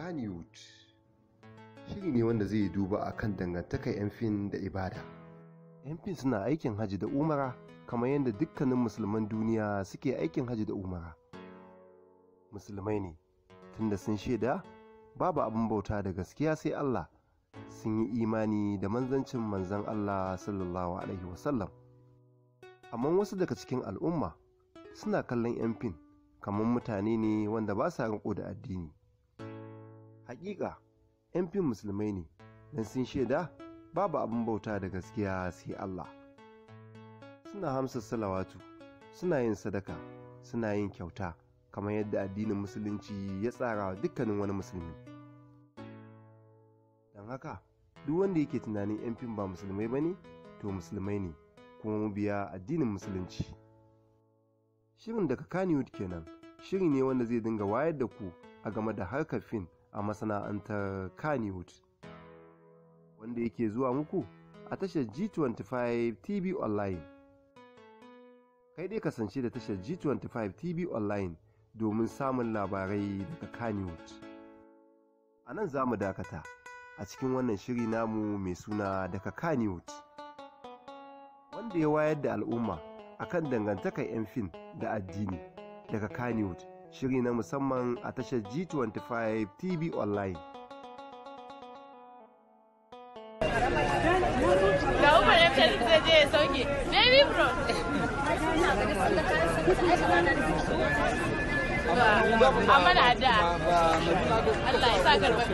Kaniwood shiri ne wanda zai duba a kan dangantakar 'yan fin da ibada. 'yan fin suna aikin hajji da umara kamar yadda dukkanin musulman duniya suke aikin hajji da umara. Musulmai ne, tunda sun shaida babu abin bauta da gaskiya sai Allah sun yi imani da manzancin manzan Allah sallallahu Alaihi wasallam. Amma wasu daga cikin al'umma suna kallon 'yan fin kamar mutane ne wanda ba sa riko da addini. Hakika, ‘yan fin musulmai ne, don sun shaida babu abin bauta da gaskiya sai Allah. Suna hamsa salawatu, suna yin sadaka, suna yin kyauta, kamar yadda addinin musulunci ya tsara dukkanin wani musulmi. Don haka, duk wanda yake tunanin 'yan fin ba musulmai ba ne, to musulmai ne, kuma mu biya addinin musulunci. Shirin daga kaniwood kenan, shiri ne wanda zai dinga wayar da ku a game da harkar fim. a masana'antar Kannywood. Wanda yake zuwa muku a tashar G25 TV Online. Kai dai kasance da tashar G25 TV Online domin samun labarai daga Kannywood. A nan za mu dakata a cikin wannan shiri namu mai suna daga Kannywood. Wanda ya wayar da al'umma akan dangantakar 'yan fin da addini daga Kannywood. shiri na musamman a tashar G25 TV online. da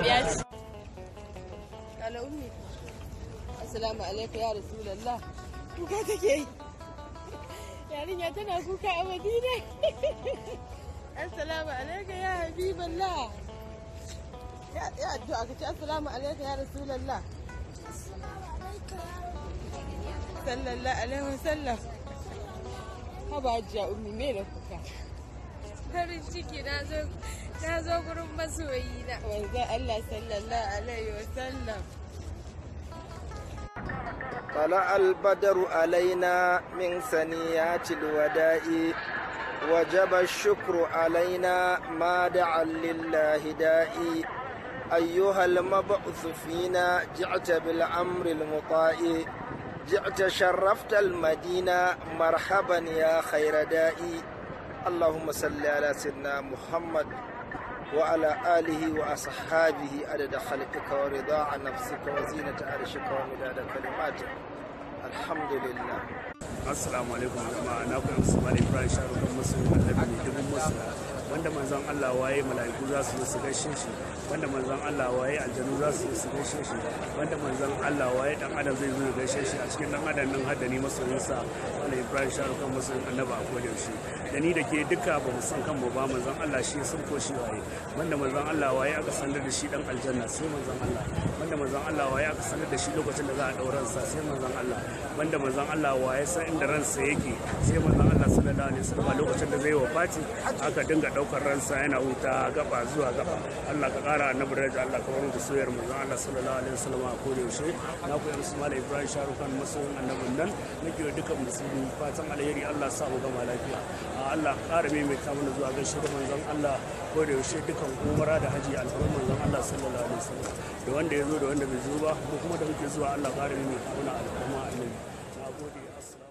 ya ya Assalamu alaikum ya Rasulallah. Kuka take yi. Yarinya tana kuka a Madina. assalamu alaika ya habiballah ya addu'a ka ce assalamu alaika ya rasulallah sallallahu farin ciki na zo na zo gurin masoyi na wanzan Allah sallallahu alaihi طلع البدر علينا من سنيات وجب الشكر علينا ما دعا لله دائي أيها المبعث فينا جعت بالأمر المطاع جعت شرفت المدينة مرحبا يا خير دائي اللهم صل على سيدنا محمد وعلى آله وأصحابه عدد خلقك ورضاء نفسك وزينة عرشك ومداد كلماتك الحمد لله assalamu alaikum jama'a na kuma su bane ibrahim sharukan masu annabi ne dubin masu wanda manzon Allah waye mala'iku za su su gaishe shi wanda manzon Allah waye aljanu za su su gaishe shi wanda manzon Allah waye dan adam zai zo gaishe shi a cikin dan adam nan hadda ni masoyin sa Allah Ibrahim sha kan masoyin annabi a koda shi da ni da ke duka ba mu san kan mu ba manzon Allah shi sun ko shi waye wanda manzon Allah waye aka sanar da shi dan aljanna sai manzon Allah wanda manzon Allah waye aka sanar da shi lokacin da za a daura sa sai manzon Allah wanda manzon Allah waye san inda ransa yake sai manzon sallallahu alaihi wasallam lokacin da zai wa fati aka dinga daukar ransa yana huta gaba zuwa gaba Allah ka kara annabi daraja Allah ka da mu zan Allah sallallahu alaihi wasallam a kodi yaushe na ku yar musulman Ibrahim Sharukan musulman annabin nan nake da dukkan musulmi fatan alheri Allah sa mu gama lafiya Allah ka kara mai mai mana zuwa ga shirin manzon Allah da yaushe dukkan umara da haji alfarman manzon Allah sallallahu alaihi wasallam da wanda ya zo da wanda bai zo ba ko kuma da muke zuwa Allah ka kara mai mai kamuna alfarma annabi na gode assalamu